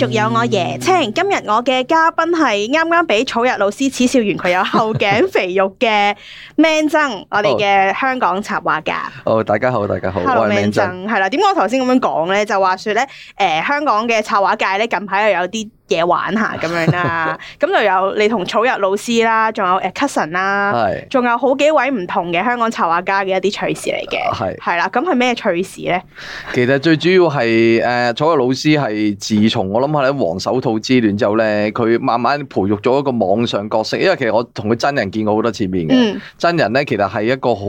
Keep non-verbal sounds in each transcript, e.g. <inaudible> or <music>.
仲有我椰青，今日我嘅嘉賓係啱啱俾草日老師恥笑完佢有後頸肥肉嘅 Man 僧， <laughs> 我哋嘅香港插畫家。哦，oh, oh, 大家好，大家好，我係 Man 僧，係啦。點解我頭先咁樣講咧？就話說咧，誒、呃，香港嘅插畫界咧，近排又有啲。嘢玩下咁樣啦，咁就 <laughs> 有你同草日老師啦，仲有誒 Cousin 啦，仲是的 有好幾位唔同嘅香港插畫家嘅一啲趣事嚟嘅，係啦是的，咁係咩趣事咧？其實最主要係誒、呃、草日老師係自從我諗下咧《黃手套之戀》之後咧，佢慢慢培育咗一個網上角色，因為其實我同佢真人見過好多次面嘅，嗯、真人咧其實係一個好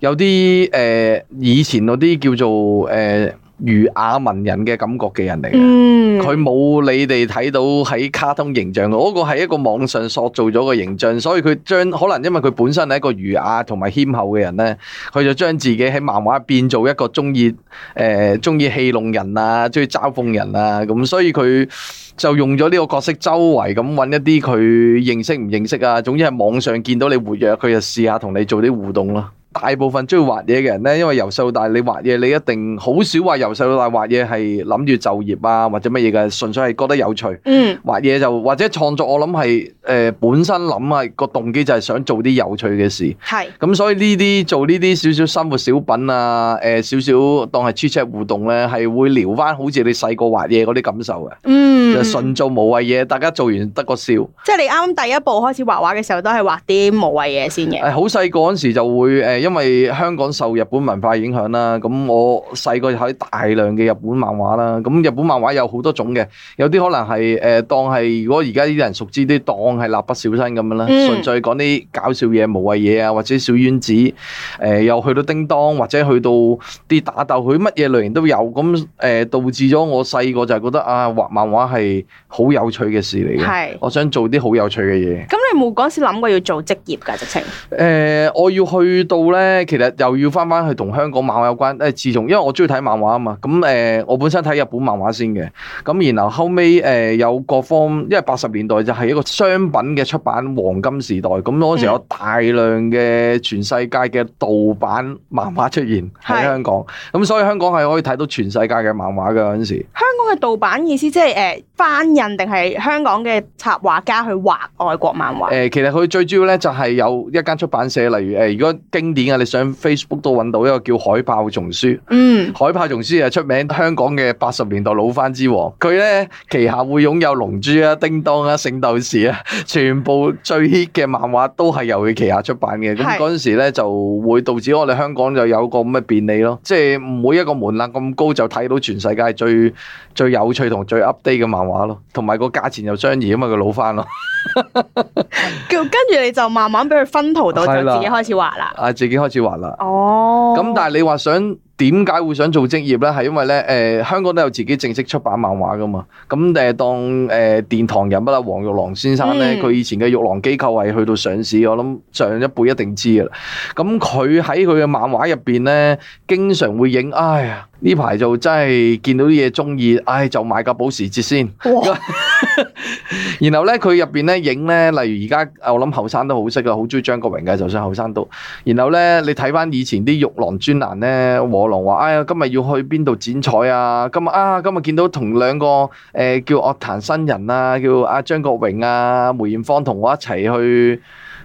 有啲誒、呃、以前嗰啲叫做誒。呃儒雅文人嘅感覺嘅人嚟嘅，佢冇、嗯、你哋睇到喺卡通形象，嗰、那個係一個網上塑造咗個形象，所以佢將可能因為佢本身係一個儒雅同埋謙厚嘅人呢，佢就將自己喺漫畫變做一個中意誒中意戲弄人啊，中意嘲諷人啊，咁所以佢就用咗呢個角色，周圍咁揾一啲佢認識唔認識啊，總之係網上見到你活躍，佢就試下同你做啲互動咯。大部分鍾意畫嘢嘅人咧，因為由細到大你畫嘢，你一定好少話由細到大畫嘢係諗住就業啊，或者乜嘢嘅，純粹係覺得有趣。嗯，畫嘢就或者創作，我諗係誒本身諗係個動機就係想做啲有趣嘅事。係，咁所以呢啲做呢啲少少生活小品啊，誒少少當係出車互動咧，係會聊翻好似你細個畫嘢嗰啲感受嘅。嗯，就純做無謂嘢，大家做完得個笑。即係你啱啱第一步開始畫畫嘅時候，都係畫啲無謂嘢先嘅。誒，好細個嗰時就會誒。因為香港受日本文化影響啦，咁我細個睇大量嘅日本漫畫啦。咁日本漫畫有好多種嘅，有啲可能係誒當係，如果而家啲人熟知啲，當係《蠟筆小新》咁樣啦，純粹講啲搞笑嘢、無謂嘢啊，或者小丸子，誒又去到叮當，或者去到啲打鬥，佢乜嘢類型都有。咁誒導致咗我細個就係覺得啊，畫漫畫係好有趣嘅事嚟嘅。係，我想做啲好有趣嘅嘢。咁你冇嗰時諗過要做職業㗎，直情？誒，我要去到。咧，其實又要翻翻去同香港漫畫有關。誒，自從因為我中意睇漫畫啊嘛，咁誒、呃，我本身睇日本漫畫先嘅。咁然後後尾誒、呃、有各方，因為八十年代就係一個商品嘅出版黃金時代。咁嗰陣時有大量嘅全世界嘅盜版漫畫出現喺香港。咁、嗯、所以香港係可以睇到全世界嘅漫畫嘅嗰陣時。香港嘅盜版意思即係誒。呃班翻印定係香港嘅插畫家去畫外國漫畫，誒，其實佢最主要咧就係有一間出版社，例如誒如果經典啊，你上 Facebook 都揾到一個叫海豹叢書，嗯，海豹叢書係出名香港嘅八十年代老番之王，佢咧旗下會擁有龍珠啊、叮當啊、聖鬥士啊，全部最 hit 嘅漫畫都係由佢旗下出版嘅。咁陣是時咧就會導致我哋香港就有個咁嘅便利咯，即係每一個門檻咁高就睇到全世界最最有趣同最 update 嘅漫畫。畫咯，同埋個價錢又相宜啊嘛，佢攞翻咯。 <laughs> <laughs> 跟跟住你就慢慢俾佢分圖到，的就自己開始畫啦。啊，自己開始畫啦。哦。咁但係你話想？點解會想做職業呢？係因為呢，誒、呃、香港都有自己正式出版漫畫噶嘛。咁誒當誒殿、呃、堂人物黃玉郎先生呢，佢、嗯、以前嘅玉郎機構係去到上市，我諗上一輩一定知噶啦。咁佢喺佢嘅漫畫入邊呢，經常會影。哎呀，呢排就真係見到啲嘢鍾意，哎就買個保時捷先。哇 <laughs> <laughs> 然後咧，佢入邊咧影咧，例如而家我諗後生都好識噶，好中意張國榮噶，就算後生都。然後咧，你睇翻以前啲玉郎專欄咧，臥龍話，哎呀，今日要去邊度剪彩啊！今日啊，今日見到同兩個誒、呃、叫樂壇新人啊，叫阿、啊、張國榮啊、梅艷芳同我一齊去。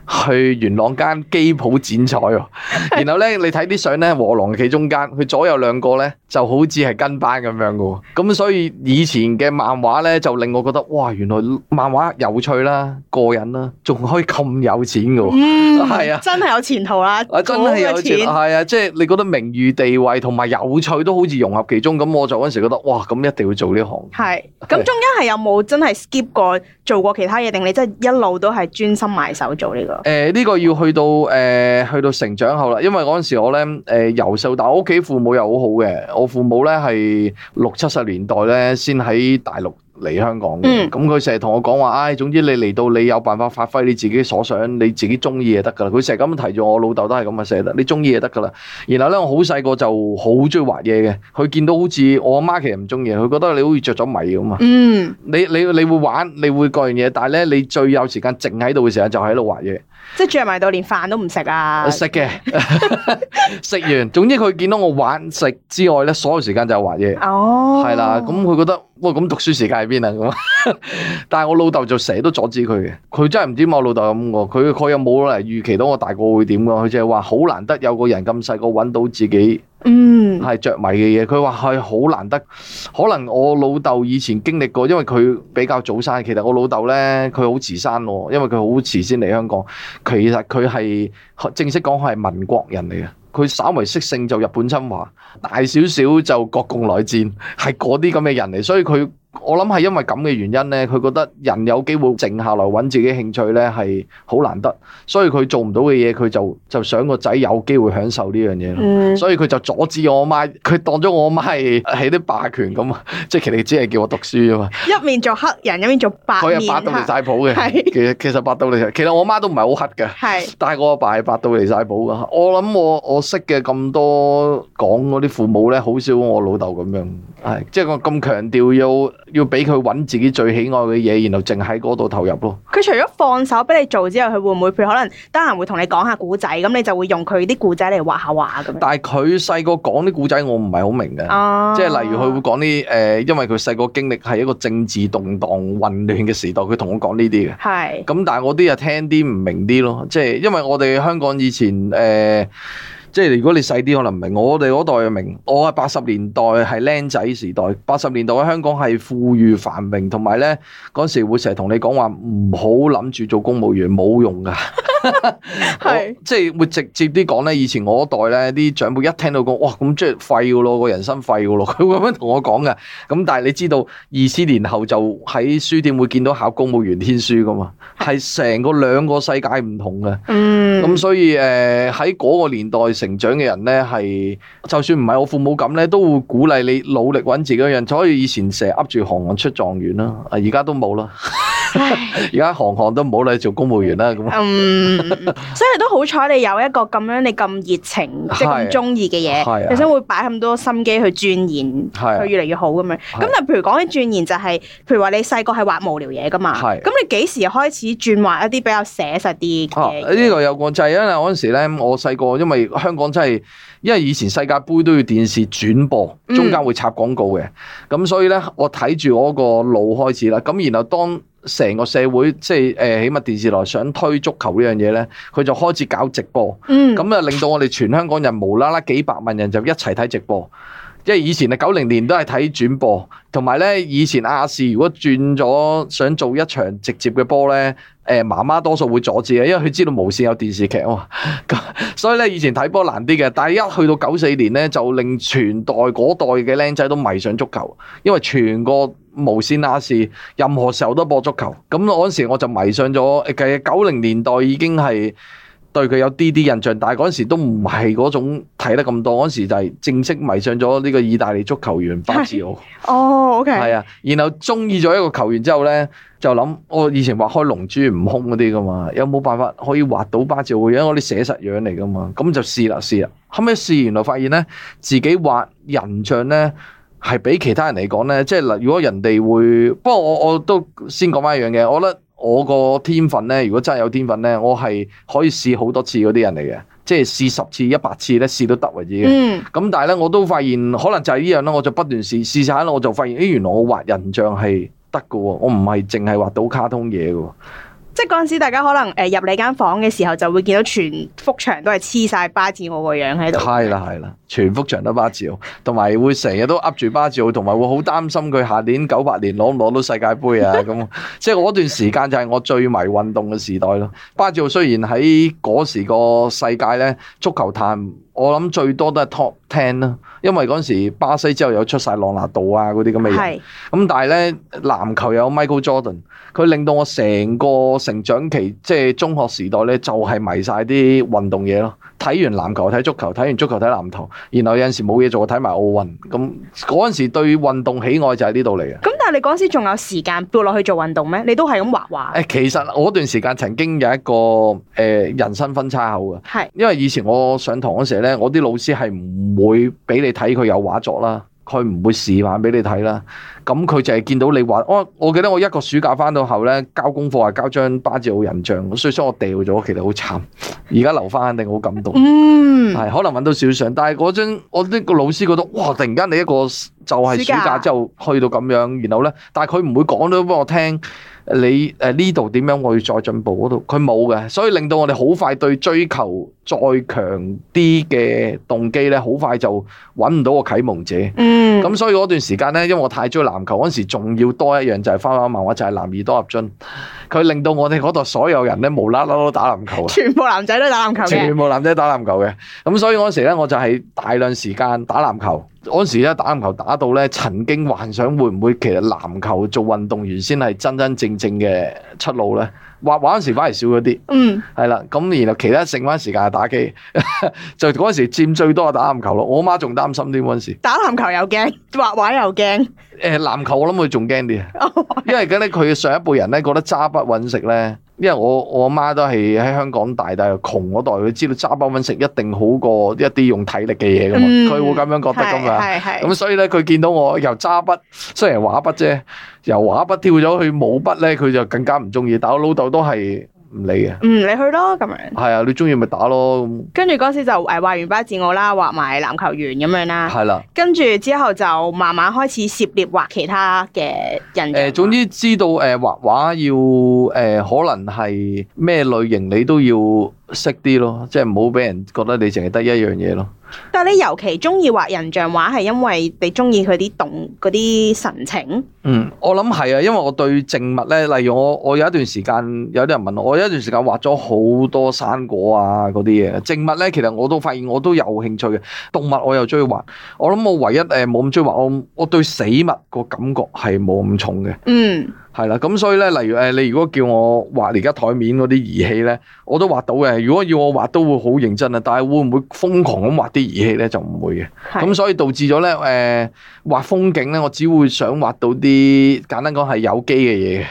去元朗間機鋪剪彩，然後呢， <laughs> 你睇啲相呢，和龍企中間，佢左右兩個呢就好似係跟班咁樣噶咁所以以前嘅漫畫呢，就令我覺得，哇，原來漫畫有趣啦、過癮啦，仲可以咁有錢噶，係、嗯、啊，真係有前途啦，好嘅錢，係啊，即係你覺得名譽地位同埋有趣都好似融合其中，咁我就嗰時覺得，哇，咁一定要做呢行。係是，咁中間係有冇真係 skip 過？是 <laughs> 做過其他嘢定你真係一路都係專心埋手做呢、這個？誒呢、呃這個要去到誒、呃、去到成長後啦，因為嗰陣時我咧誒由細到大，但係我屋企父母又好好嘅，我父母咧係六七十年代咧先喺大陸。嚟香港嘅，咁佢成日同我講話，唉、哎，總之你嚟到你有辦法發揮你自己所想，你自己中意就得噶啦。佢成日咁樣提住我老豆都係咁樣寫得，你中意就得噶啦。然後咧，我好細個就好中意畫嘢嘅。佢見到好似我阿媽，媽其實唔中意，佢覺得你好似着咗迷咁嘛。嗯，你你你會玩，你會各樣嘢，但係咧你最有時間靜喺度嘅時候就喺度畫嘢。即係着埋到連飯都唔食啊？食嘅， <laughs> 食完，總之佢見到我玩食之外咧，所有時間就係畫嘢。哦，係啦， <laughs> 咁佢覺得。喂，咁讀書時間喺邊啊？咁， <laughs> 但係我老豆就成日都阻止佢嘅，佢真係唔知我老豆咁喎，佢佢又冇嚟預期到我大個會點㗎？佢就話好難得有個人咁細個揾到自己，嗯，係着迷嘅嘢。佢話係好難得，可能我老豆以前經歷過，因為佢比較早生。其實我老豆呢，佢好遲生喎，因為佢好遲先嚟香港。其實佢係正式講佢係民國人嚟嘅。佢稍微識性就日本侵華，大少少就國共內戰，係嗰啲咁嘅人嚟，所以佢。我諗係因為咁嘅原因咧，佢覺得人有機會靜下來揾自己興趣咧，係好難得，所以佢做唔到嘅嘢，佢就就想個仔有機會享受呢樣嘢。所以佢就阻止我媽，佢當咗我媽係係啲霸權咁，即係其實只係叫我讀書啊嘛。一面做黑人，一面做白人。佢係白到離晒譜嘅，其實其實白到離，其實我媽都唔係好黑嘅，是但係我阿爸係白到離晒譜噶。我諗我我識嘅咁多講嗰啲父母咧，好少我老豆咁樣，係即係我咁強調要。要俾佢揾自己最喜愛嘅嘢，然後淨喺嗰度投入咯。佢除咗放手俾你做之後，佢會唔會譬如可能得閒會同你講下故仔，咁你就會用佢啲故仔嚟畫下畫啊咁。但係佢細個講啲故仔，我唔係好明嘅，即係例如佢會講啲誒，因為佢細個經歷係一個政治動盪混亂嘅時代，佢同我講呢啲嘅。係是。咁但係我啲又聽啲唔明啲咯，即係因為我哋香港以前誒。呃即係如果你細啲可能唔明，我哋嗰代明，我係八十年代係僆仔時代，八十年代喺香港係富裕繁榮，同埋咧嗰時會成日同你講話唔好諗住做公務員冇用㗎，係 <laughs> 我 <laughs> 是即係會直接啲講咧，以前我嗰代咧啲長輩一聽到講，哇咁即係廢㗎咯，個人生廢㗎咯，佢會咁樣同我講㗎。咁但係你知道二十年後就喺書店會見到考公務員天書㗎嘛？係成個兩個世界唔同嘅，咁、嗯、所以誒喺嗰個年代成長嘅人呢，係就算唔係我父母咁咧，都會鼓勵你努力揾自己嘅人，所以以前成日噏住行行出狀元啦，而家都冇啦。 <laughs> 唉，而家行行都唔好，你做公務員啦，咁嗯，所以都好彩你有一個咁樣，你咁熱情即係咁中意嘅嘢，係啊，你先會擺咁多心機去鑽研，係，佢越嚟越好咁樣。咁但係譬如講起鑽研，就係譬如話你細個係畫無聊嘢噶嘛，係，咁你幾時開始轉畫一啲比較寫實啲嘅嘢？哦，呢個有個掣啊，嗱，嗰陣時咧，我細個因為香港真係，因為以前世界杯都要電視轉播，中間會插廣告嘅，咁所以咧，我睇住我個腦開始啦，咁然後當。成個社會即係誒，起碼電視台想推足球呢樣嘢呢，佢就開始搞直播，咁啊、嗯、令到我哋全香港人無啦啦幾百萬人就一齊睇直播。即係以前啊，九零年都係睇轉播，同埋咧以前亞視如果轉咗想做一場直接嘅波咧，誒、呃、媽媽多數會阻止嘅，因為佢知道無線有電視劇喎、哦，咁 <laughs> 所以咧以前睇波難啲嘅。但係一去到九四年咧，就令全代嗰代嘅僆仔都迷上足球，因為全個無線亞視任何時候都播足球，咁我嗰時我就迷上咗。其實九零年代已經係。對佢有啲啲印象，但係嗰陣時都唔係嗰種睇得咁多。嗰陣時就係正式迷上咗呢個意大利足球員巴治奧。哦，OK。係啊，然後中意咗一個球員之後呢，就諗我以前畫開龍珠、悟空嗰啲噶嘛，有冇辦法可以畫到巴治奧樣？我啲寫實樣嚟噶嘛，咁就試啦，試啦。後尾試完就發現呢，自己畫人像呢係比其他人嚟講呢，即係如果人哋會，不過我我，我都先講翻一樣嘢。我覺得。我個天分呢，如果真係有天分呢，我係可以試好多次嗰啲人嚟嘅，即係試十次、一百次呢，試都得為止嘅。咁、嗯、但係呢，我都發現可能就係呢樣啦，我就不斷試試晒啦，我就發現，咦、欸，原來我畫人像係得㗎喎，我唔係淨係畫到卡通嘢㗎喎。即嗰陣時，大家可能誒入你間房嘅時候，就會見到全幅牆都係黐晒巴治奧個樣喺度。係啦，係啦，全幅牆都巴治奧，同埋會成日都噏住巴治奧，同埋會好擔心佢下年九八年攞唔攞到世界盃啊！咁 <laughs> 即係嗰段時間就係我最迷運動嘅時代咯。巴治奧雖然喺嗰時個世界呢，足球壇。我諗最多都係 top ten 咯，因為嗰時巴西之後有出晒朗拿度啊嗰啲咁嘅嘢，咁是、嗯、但係呢，籃球有 Michael Jordan，佢令到我成個成長期即係中學時代呢，就係、是、迷晒啲運動嘢咯，睇完籃球睇足球，睇完足球睇籃球，然後有陣時冇嘢做睇埋奧運，咁嗰陣時對運動喜愛就係呢度嚟啊。你嗰時仲有時間撥落去做運動咩？你都係咁畫畫。誒，其實我段時間曾經有一個誒人生分岔口㗎，係因為以前我上堂嗰時咧，我啲老師係唔會俾你睇佢有畫作啦。佢唔會示範俾你睇啦，咁佢就係見到你話。我我記得我一個暑假翻到後咧，交功課係交張巴治奧人像，所以所以我掉咗，其實好慘。而家留翻肯定好感動。嗯，係可能搵到少少，但係嗰張我呢個老師覺得哇，突然間你一個就係暑假之後去到咁樣，然後咧，但係佢唔會講咗俾我聽你誒呢度點樣我要再進步嗰度，佢冇嘅，所以令到我哋好快對追求。再強啲嘅動機咧，好快就揾唔到個啟蒙者。咁所以嗰段時間呢，因為我太中意籃球嗰陣時，仲要多一樣就係翻翻漫畫，就係《男兒當入樽》。佢令到我哋嗰度所有人呢，無啦啦都打籃球。花花全部男仔都打籃球。全部男仔打籃球嘅。咁所以嗰陣時咧，我就係大量時間打籃球。嗰陣時咧，打籃球打到呢，曾經幻想會唔會其實籃球做運動員先係真真正正嘅出路呢？畫畫時反而少咗啲，係啦、嗯，咁然後其他剩翻時間係打機， <laughs> 就嗰陣時佔最多係打籃球咯。我媽仲擔心啲嗰陣時，打籃球又驚，畫畫又驚。誒、呃，籃球我諗佢仲驚啲， <laughs> 因為咁咧，佢上一輩人咧覺得揸筆搵食咧。因為我我阿媽都係喺香港大，大係窮嗰代，佢知道揸筆搵食一定好過一啲用體力嘅嘢噶嘛，佢、嗯、會咁樣覺得噶嘛。咁所以咧，佢見到我由揸筆，雖然畫筆啫，由畫筆跳咗去冇筆咧，佢就更加唔中意。但我老豆都係。唔理嘅，嗯，你去咯咁樣。係啊，你中意，咪打咯。跟住嗰時就誒畫完巴治奧啦，畫埋籃球員咁樣啦。係啦的。跟住之後就慢慢開始涉獵畫其他嘅人。誒、呃，總之知道誒、呃、畫畫要誒、呃，可能係咩類型，你都要。識啲咯，即係唔好俾人覺得你淨係得一樣嘢咯。但係你尤其中意畫人像畫係因為你中意佢啲動嗰啲神情。嗯，我諗係啊，因為我對靜物咧，例如我我有一段時間有啲人問我，我有一段時間畫咗好多生果啊嗰啲嘢。靜物咧，其實我都發現我都有興趣嘅。動物我又中意畫，我諗我唯一誒冇咁中意畫，我我對死物個感覺係冇咁重嘅。嗯。係啦，咁所以咧，例如誒，你如果叫我畫而家台面嗰啲儀器咧，我都畫到嘅。如果要我畫，都會好認真啊。但係會唔會瘋狂咁畫啲儀器咧？就唔會嘅。咁的所以導致咗咧誒，畫風景咧，我只會想畫到啲簡單講係有機嘅嘢嘅，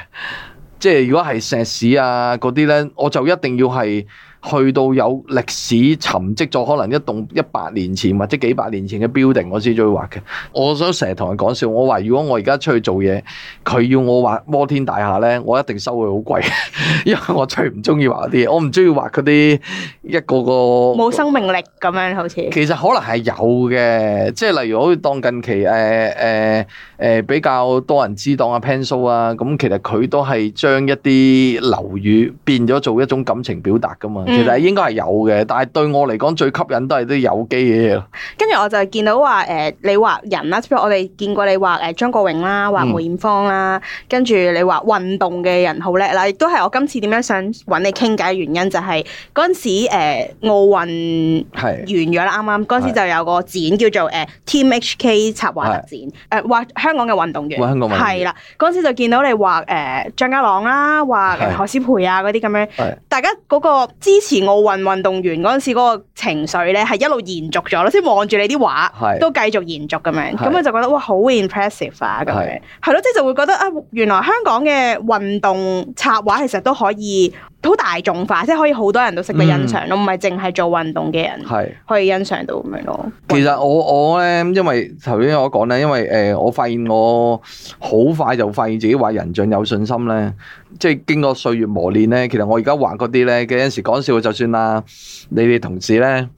即係如果係石屎啊嗰啲咧，我就一定要係。去到有歷史沉積咗可能一棟一百年前或者幾百年前嘅 building，我先中意畫嘅。我想成日同人講笑，我話如果我而家出去做嘢，佢要我畫摩天大廈咧，我一定收佢好貴，因為我最唔中意畫嗰啲嘢，我唔中意畫嗰啲一個個冇生命力咁樣好似。其實可能係有嘅，即係例如好似當近期誒誒誒比較多人知道阿 Panso 啊，咁其實佢都係將一啲樓宇變咗做一種感情表達㗎嘛。其實應該係有嘅，但係對我嚟講最吸引都係啲有機嘅嘢。跟住我就見到話誒，你畫人啦，譬如我哋見過你畫誒張國榮啦，畫梅艷芳啦，跟住你話運動嘅人好叻啦，亦都係我今次點樣想搵你傾偈嘅原因，就係嗰陣時誒奧運係完咗啦，啱啱嗰陣時就有個展叫做誒 Team HK 插畫展，誒畫香港嘅運動員，畫香港運動係啦。嗰陣時就見到你畫誒張家朗啦，畫誒何詩蓓啊嗰啲咁樣，大家嗰個資支持奧運運動員嗰陣時嗰個情緒咧，係一路延續咗咯，即係望住你啲畫，是 都繼續延續咁樣，咁佢是 就覺得哇，好 impressive 啊咁樣，係咯是，即係就會覺得啊，原來香港嘅運動插畫其實都可以。好大眾化，即係可以好多人都識得欣賞咯，唔係淨係做運動嘅人，係可以欣賞到咁樣咯。其實我我咧，因為頭先我講咧，因為誒、呃，我發現我好快就發現自己畫人像有信心咧，即係經過歲月磨練咧。其實我而家畫嗰啲咧，嘅有時講笑就算啦，你哋同事咧。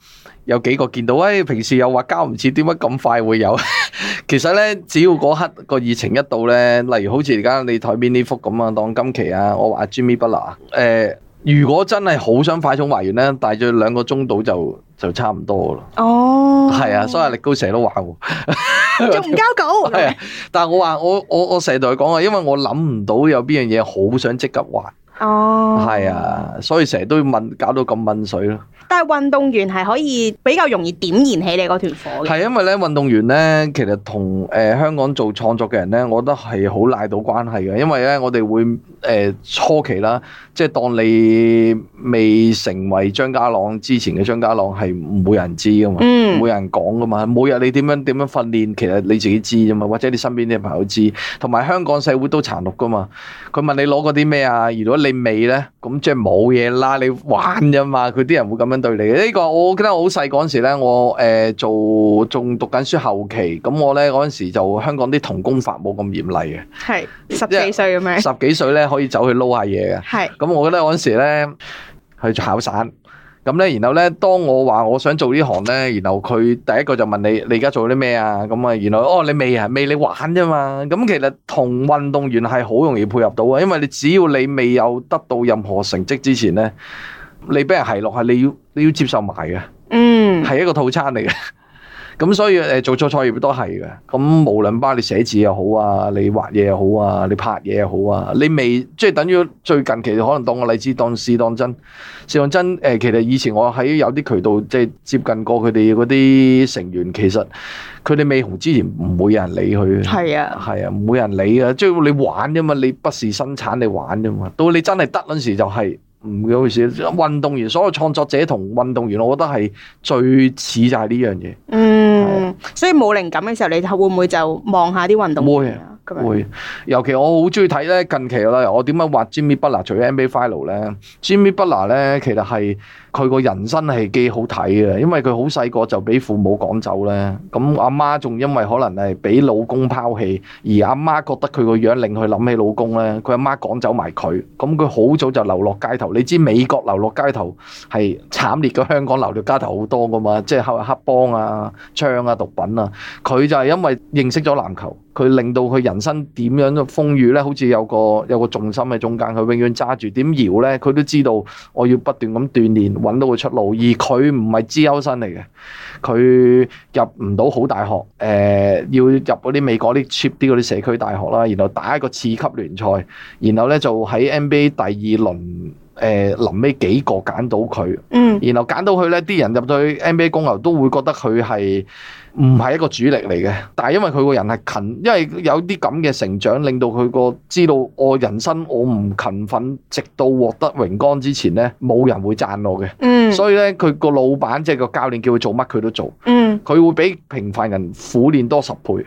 有幾個見到？哎，平時又話交唔切，點解咁快會有？ <laughs> 其實呢，只要嗰刻個熱情一到呢，例如好似而家你台邊呢幅咁啊，當今期啊，我話 Jimmy Butler、呃、如果真係好想快充還完呢，大約兩個鐘到就就差唔多噶啦。哦，係啊，所以力高成日都話喎，仲 <laughs> 唔 <laughs> 交稿？係 <laughs> 啊，但係我話我我我成日同佢講啊，因為我諗唔到有邊樣嘢好想即刻還。哦，係、oh. 啊，所以成日都要問，搞到咁問水咯。但係運動員係可以比較容易點燃起你嗰團火嘅。係因為咧，運動員咧，其實同誒、呃、香港做創作嘅人咧，我覺得係好賴到關係嘅。因為咧，我哋會誒、呃、初期啦，即係當你未成為張家朗之前嘅張家朗，係冇人知噶嘛，冇、mm. 人講噶嘛，每日你點樣點樣訓練，其實你自己知啫嘛，或者你身邊啲朋友知，同埋香港社會都殘酷噶嘛。佢問你攞嗰啲咩啊？如果你你未咧，咁即係冇嘢啦，你玩咋嘛？佢啲人會咁樣對你嘅呢個，我記得我好細嗰陣時咧，我誒做仲讀緊書後期，咁我咧嗰陣時就香港啲童工法冇咁嚴厲嘅，係十幾歲咁樣，十幾歲咧可以走去撈下嘢嘅，係，咁我覺得嗰陣時咧去炒散。咁咧，然後咧，當我話我想做呢行咧，然後佢第一個就問你：你而家做啲咩啊？咁啊，原來哦，你未啊，未你玩啫嘛。咁其實同運動員係好容易配合到嘅，因為你只要你未有得到任何成績之前咧，你俾人奚落係你要你要接受埋嘅，嗯，係一個套餐嚟嘅。嗯。咁所以誒做錯錯業都係嘅，咁無論吧你寫字又好啊，你畫嘢又好啊，你拍嘢又好啊，你未即係等於最近其實可能當我例子試當真，試當真誒，其實以前我喺有啲渠道即係接近過佢哋嗰啲成員，其實佢哋未紅之前唔會有人理佢嘅。係啊，係啊，唔會人理啊，即係你玩啫嘛，你不是生產你玩啫嘛，到你真係得嗰陣時就係、是。唔好意思，運動員所有創作者同運動員，動員我覺得係最似就係呢樣嘢。嗯，係。所以冇靈感嘅時候，你會唔會就望下啲運動員啊？會會，尤其我好中意睇咧近期啦，我點解畫 Jimmy Butler 除咗 NBA final 咧，Jimmy Butler 咧其實係佢個人生係幾好睇嘅，因為佢好細個就俾父母趕走咧，咁阿媽仲因為可能係俾老公拋棄，而阿媽覺得佢個樣令佢諗起老公咧，佢阿媽趕走埋佢，咁佢好早就流落街頭。你知美國流落街頭係慘烈過香港流落街頭好多噶嘛？即係黑黑幫啊、槍啊、毒品啊，佢就係因為認識咗籃球。佢令到佢人生點樣嘅風雨呢？好似有個有個重心喺中間，佢永遠揸住點搖呢？佢都知道我要不斷咁鍛鍊，揾到個出路。而佢唔係資優生嚟嘅，佢入唔到好大學，誒、呃、要入嗰啲美國啲 cheap 啲嗰啲社區大學啦，然後打一個次級聯賽，然後呢就喺 NBA 第二輪誒臨尾幾個揀到佢，嗯，然後揀到佢呢啲人入到去 NBA 公牛都會覺得佢係。唔係一個主力嚟嘅，但係因為佢個人係勤，因為有啲咁嘅成長，令到佢個知道我人生我唔勤奮，直到獲得榮光之前咧，冇人會讚我嘅。嗯，所以咧佢個老闆即係、就是、個教練叫佢做乜佢都做。佢、嗯、會比平凡人苦練多十倍。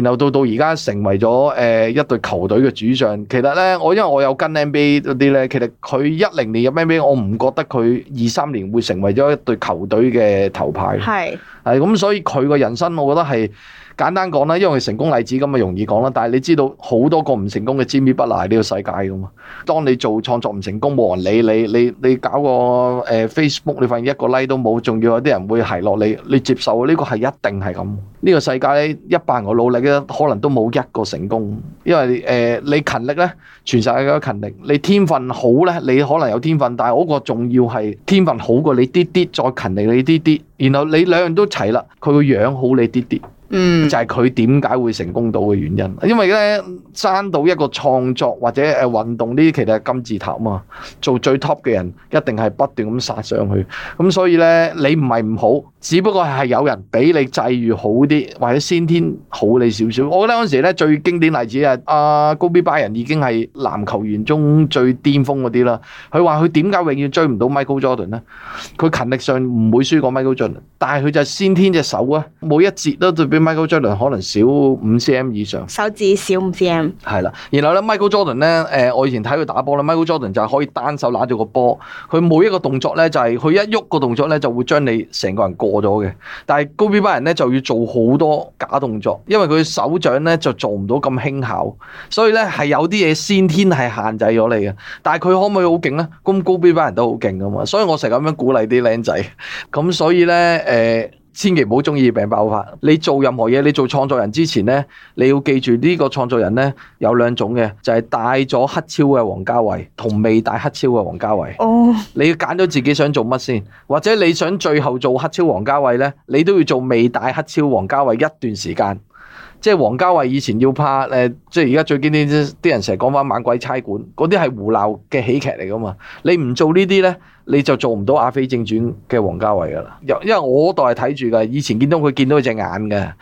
然後到到而家成為咗誒、呃、一隊球隊嘅主將，其實呢，我因為我有跟 NBA 嗰啲呢，其實佢一零年入 NBA，我唔覺得佢二三年會成為咗一隊球隊嘅頭牌。係是，係咁所以佢個人生，我覺得係。簡單講啦，因為成功例子咁咪容易講啦。但係你知道好多個唔成功嘅 Jimmy Butler 呢個世界㗎嘛。當你做創作唔成功，冇人理你，你你搞個誒 Facebook，你發現一個 like 都冇，仲要有啲人會係落你，你接受呢、這個係一定係咁。呢、這個世界一百個努力咧，可能都冇一個成功，因為誒、呃、你勤力咧，全世界都勤力。你天分好咧，你可能有天分，但係嗰個仲要係天分好過你啲啲，再勤力你啲啲，然後你兩樣都齊啦，佢個樣好你啲啲。嗯，就係佢點解會成功到嘅原因，因為咧爭到一個創作或者誒運動呢啲其實係金字塔啊嘛，做最 top 嘅人一定係不斷咁殺上去，咁所以咧你唔係唔好。只不過係有人俾你際遇好啲，或者先天好你少少。我覺得嗰陣時咧最經典例子係、就、阿、是啊、高比拜仁已經係籃球員中最巔峰嗰啲啦。佢話佢點解永遠追唔到 Michael Jordan 呢？佢勤力上唔會輸過 Michael Jordan，但係佢就先天隻手啊，每一節都對比 Michael Jordan 可能少五 cm 以上。手指少五 cm。係啦，然後咧 Michael Jordan 咧，誒我以前睇佢打波咧，Michael Jordan 就係可以單手揦住個波，佢每一個動作咧就係、是、佢一喐個動作咧就會將你成個人過過咗嘅，但係高比拜仁咧就要做好多假動作，因為佢手掌咧就做唔到咁輕巧，所以咧係有啲嘢先天係限制咗你嘅。但係佢可唔可以好勁咧？咁高比拜仁都好勁噶嘛，所以我成日咁樣鼓勵啲僆仔。咁所以咧，誒、呃。千祈唔好中意病爆發。你做任何嘢，你做創作人之前呢，你要記住呢個創作人呢，有兩種嘅，就係、是、帶咗黑超嘅王家衛同未帶黑超嘅王家衛。哦，oh. 你要揀咗自己想做乜先，或者你想最後做黑超王家衛呢，你都要做未帶黑超王家衛一段時間。即係王家衛以前要拍，誒，即係而家最經典啲人成日講返《猛鬼差館》，嗰啲係胡鬧嘅喜劇嚟噶嘛。你唔做呢啲呢，你就做唔到《阿飛正傳》嘅王家衛噶啦。因因為我嗰代係睇住噶，以前見到佢見到佢隻眼嘅，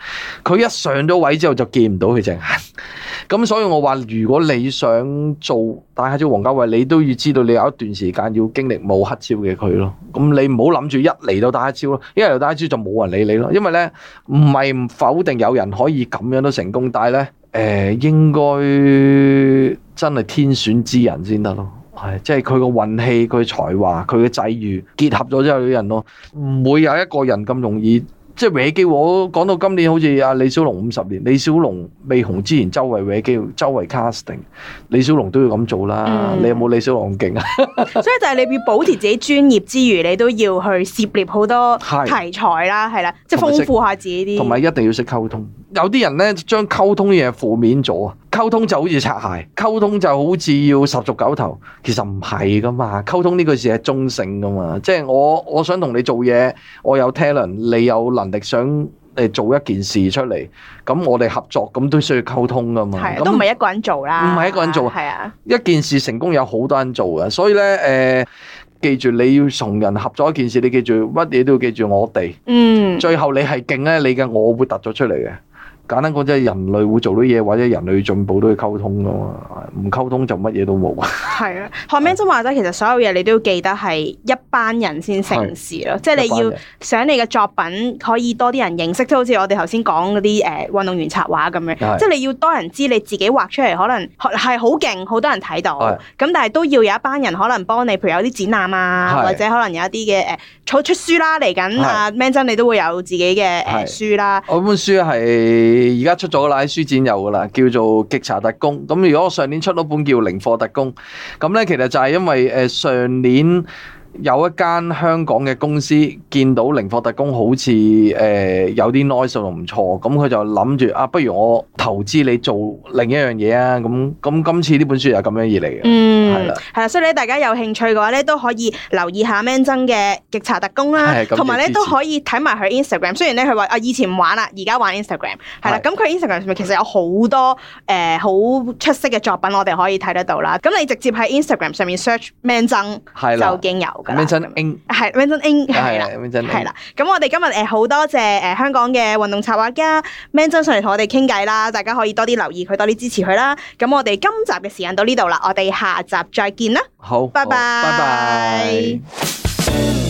佢一上咗位之後就見唔到佢隻眼。 <laughs> 咁所以我，我話如果你想做大黑超王家衞，你都要知道你有一段時間要經歷冇黑超嘅佢咯。咁你唔好諗住一嚟到大黑超咯，一嚟到大黑超就冇人理你咯。因為呢，唔係唔否定有人可以咁樣都成功，但係呢，誒、呃、應該真係天選之人先得咯。係，即係佢個運氣、佢才華、佢嘅際遇結合咗之後嘅人咯，唔會有一個人咁容易。即係歪機，我講到今年好似阿李小龍五十年，李小龍未紅之前周圍歪機，周圍 casting，李小龍都要咁做啦。嗯、你有冇李小龍咁勁啊？ <laughs> 所以就係你要補貼自己專業之餘，你都要去涉獵好多題材啦，係啦是，即係豐富下自己啲。同埋一定要識溝通，有啲人咧將溝通嘢負面咗啊。溝通就好似擦鞋，溝通就好似要十足九頭，其實唔係㗎嘛。溝通呢個字係中性㗎嘛，即係我我想同你做嘢，我有 talent，你有能力想誒做一件事出嚟，咁我哋合作，咁都需要溝通㗎嘛。係，都唔係一個人做啦，唔係一個人做，係啊，一件事成功有好多人做嘅，所以咧誒，記住你要同人合作一件事，你記住乜嘢都要記住我哋，嗯，最後你係勁咧，你嘅我會突咗出嚟嘅。簡單講，即係人類會做到嘢，或者人類進步都要溝通噶嘛，唔溝通就乜嘢都冇。係啊，學 Man 僧話齋，其實所有嘢你都要記得係一班人先成事咯，即係你要想你嘅作品可以多啲人認識，即係好似我哋頭先講嗰啲誒運動員插畫咁樣，即係你要多人知你自己畫出嚟可能係好勁，好多人睇到，咁但係都要有一班人可能幫你，譬如有啲展覽啊，或者可能有一啲嘅誒出出書啦，嚟緊啊 Man 僧你都會有自己嘅書啦。我本書係。而家出咗個新書，展有㗎啦，叫做《極查特工》。咁如果我上年出嗰本叫《零貨特工》，咁呢其實就係因為誒上年。有一間香港嘅公司見到《零伏特工好》好似誒有啲 noise 就唔錯，咁、嗯、佢就諗住啊，不如我投資你做另一樣嘢啊！咁，咁今次呢本書就咁樣而嚟嘅，係、嗯、啦，係啦、嗯。所以咧，大家有興趣嘅話咧，都可以留意下 Man 僧嘅《極查特工》啦，同埋咧都可以睇埋佢 Instagram。雖然咧佢話啊，以前唔玩啦，而家玩 Instagram，係啦。咁佢的 Instagram 上面其實有好多誒好、呃、出色嘅作品，我哋可以睇得到啦。咁你直接喺 Instagram 上面 search Man 僧，就應有。的 Manzon Ing，係 Man 僧 Ing，係啦係啦。咁 <noise> 我哋今日誒好多謝誒香港嘅運動插畫家 <noise> Man 僧上嚟同我哋傾偈啦，大家可以多啲留意佢，多啲支持佢啦。咁我哋今集嘅時間到呢度啦，我哋下集再見啦好 bye。好，bye bye 拜拜，拜拜。